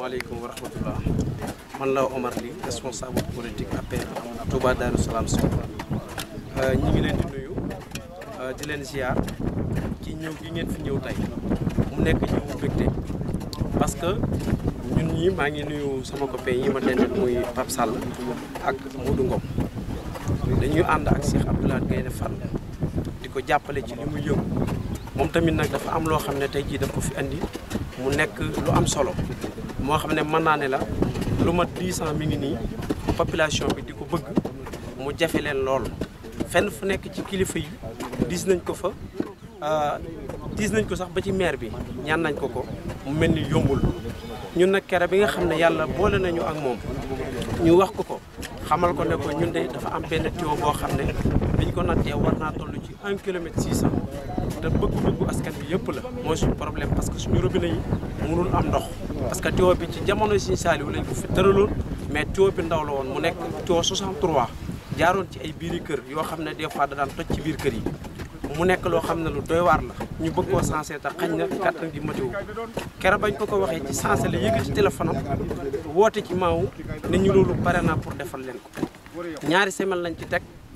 asalaamaaleykum wa rahmatullah man la Omar Ly responsable politique APR Touba Darou Salam Sud ñi ngi leen di nuyu di leen ziar ci ñëw gi ngeen fi ñëw tey mu nekk ñëw mbégte parce que ñun ñi maa ngi nuyu sama copain yi ma dendal muy Pape Sall ak Modou Ngom dañuy ànd ak Cheikh Abdoulaye Gaïndé Fall di ko ci li yëngu mom tamit nak dafa am lo xamne tay ji jii ko fi andi mu nek lu am solo mo xamne man na ne la lu mat dix ans mi ngi nii population bi diko bëgg mu jafe leen lool fenn fu nek ci kilifa yi dis nañ ko fa euh dis nañ ko sax ba ci maire bi ñaan nañ ko ko mu melni yombul ñun nak kere bi nga xamne ne yàlla boole nañu ak mom ñu wax ko ko xamal ko ne ko ñun de dafa am benn tuyau bo xamne ne biñ ko nattee war na tollu ci 1 km 600 te bëgg-bëggu askan bi yëpp la mooy suñu problème parce que suñu robinet yi mënul am ndox parce que tuyau bi ci jamono Serigne Saliou lañ ko fi tëraloon mais tuyau bi ndaw la woon mu nekk tuyau 63 jaaroon ci ay biiri kër yoo xam ne des fois da daan toj ci biir kër yi mu nekk loo xam ne lu doy waar la ñu bëgg koo sensé te xañ na kàttan gi matéwu kera bañ ko ko waxee ci sensé la yëgal ci téléphone am woote ci maaw ne ñu loolu pare na pour de leen ko ñaari semaine lañ ci teg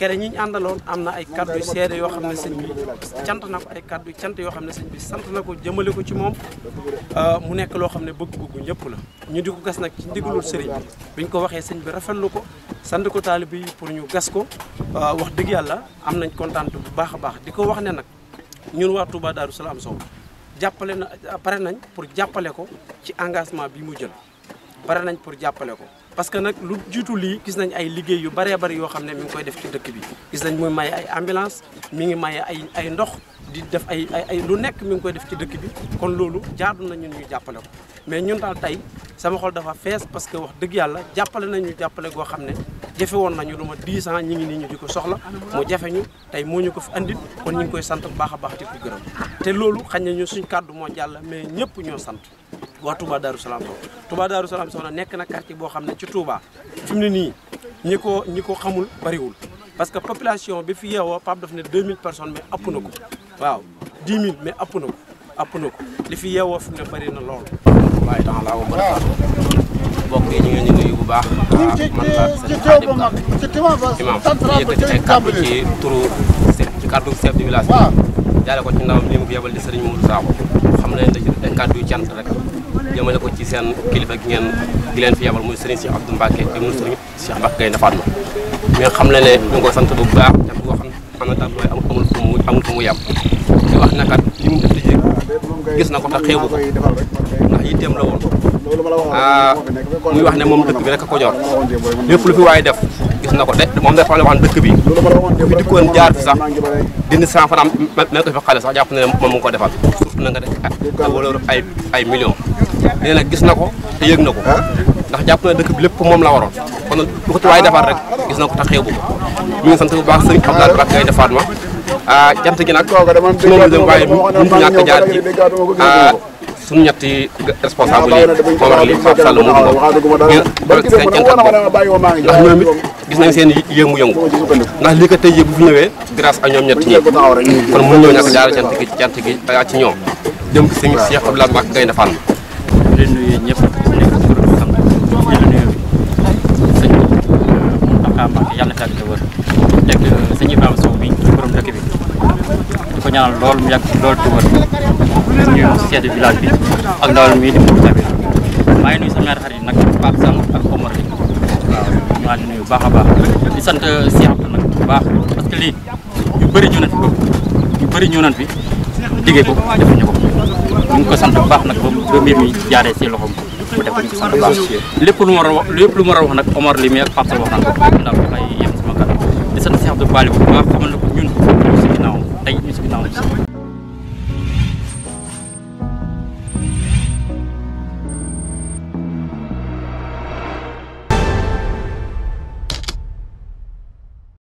kere ñi ñu àndaloon am na ay kaddu yu seede yoo xam ne sëñ bi cant na ko ay kaddu cant yoo xam ne sëñ bi sant na ko jëmale ko ci moom euh, mu nekk loo xam ne bëgg-bëggu ñëpp la ñu di ko gas nag ci ndigalul sëriñ bi biñ ko waxee sëñ bi rafet lu ko sant ko taalibe yi pour ñu gas ko euh, wax dëgg yàlla am nañ kontaan bu baax a baax di ko wax ne nag ñun waa Touba Darou Salaam Sow jàppale na pare nañ pour jàppale ko ci engagement bi mu jël pare nañ pour jàppale ko parce que nag lu jiitu lii gis nañ ay liggéey yu bëree bëri yoo xam ne mu ngi koy def ci dëkk bi gis nañ muy maye ay ambulance mi ngi maye ay ay ndox di def ay ay ay lu nekk mi ngi koy def ci dëkk bi kon loolu jaadu na ñun ñu jàppale ko mais ñun tey sama xol dafa fees parce que wax dëgg yàlla jàppale nañu jàppale goo xam ne jafe woon nañu lu ma 10 ans ñi ngi nii ñu di ko soxla mu jafe ñu tey moo ñu ko fi andit kon ñu ngi koy sant bu baax a baax di ko te loolu xañ na ñu suñ kàddu moo jàll mais ñëpp ñoo sant waa Touba Darou Salaam soxna Touba Darou Salaam soxna nekk na quartier boo xam ne ci Touba fi mu ne nii ñi ko ñi ko xamul bariwul parce que population bi fi yeewoo Pape daf ne 2000 personnes mais ëpp na ko waaw 10 mais ëpp na li fi yeewoo fi mu ne bari na lool. waaye temps laa ko mën a bokk yi ñu ngi ñu nuyu bu baax. Ah, man laa sëñ Xaadim Ka imam yëkkati ay kàddu ci turu ci kàddu chef de village bi. jaaree ko ci ndawam li mu ko yebal di sëriñ Mourou Sakho xam nañ ne dañ kàddu yu cant rek. jëmale ko ci seen kilifa gi ngeen gi leen fi yabal muy sëriñ Cheikh Abdou Mbacke ibnu sëriñ Cheikh Mbacke Gaïndé Fatma mi nga xam ne ne ñu ngi koy sant bu baax te boo xam ne daal mooy amul fu mu amul fu wax nakat li mu def gis na ko te xeebu ko ndax yitteem la woon ah, muy wax ne moom dëkk bi rek a ko ñor fi waaye def gis na ko de moom da xam ne wax dëkk bi fi dikkoon jaar fi sax dindi cent franc ma ko fi xale sax jàpp ne moom mu ngi surtout na nga ah, nag gis na ko te yëg na ko ndax jàpp na dëkk bi lépp moom la waroon kon lu ko ci waaye gis na ko te xeebu ko mi ngi sant baax sëñ Abdoulaye Bak ngay defaat ma ah jant gi nag su moom dem waaye mënut ñàkk jaar ci ah suñu ñetti responsable yi moom ak li Pape Sall mu ngi ko ndax ñoom it gis nañ seen yëngu yëngu ndax li ko tey bu fi ñëwee grâce à ñoom ñett ñi kon mu ñëw nak daal cant gi cant gi ci ñoom dem ci sëñ Cheikh Abdou Lahad Mbacké Gaynde di nuyu ñëpp nekk ci groupe xam ñu la nuyu sëñ Moustapha Mbacké yalla ka ci wër tek euh, sëñ Ibrahima Sow bi borom dëkk bi diko ñaanal lool mu yag lool ci wër ñu sédé village bi ak lool mi di Moustapha bi may nuyu sama xarit nak Pape Sam ak Omar waaw maa ngi nuyu baax a baax di sant Cheikh Abdou nag bu baax parce que lii ñu bari fi yu bëri ñu nan fi diggee ko defuñu ko ñu ngi ko sant bu baax nag ba mbir mi jaaree si loxoom mu def ñu ko baax lépp lu ma war lépp lu ma war a wax nag Omar li mi ak Pape wax naan ko ndax dafay yem sama kàddu di sant Cheikh Abdou Bali bu baax xamal na ko ñun ñu si ginnaawam tey ñu si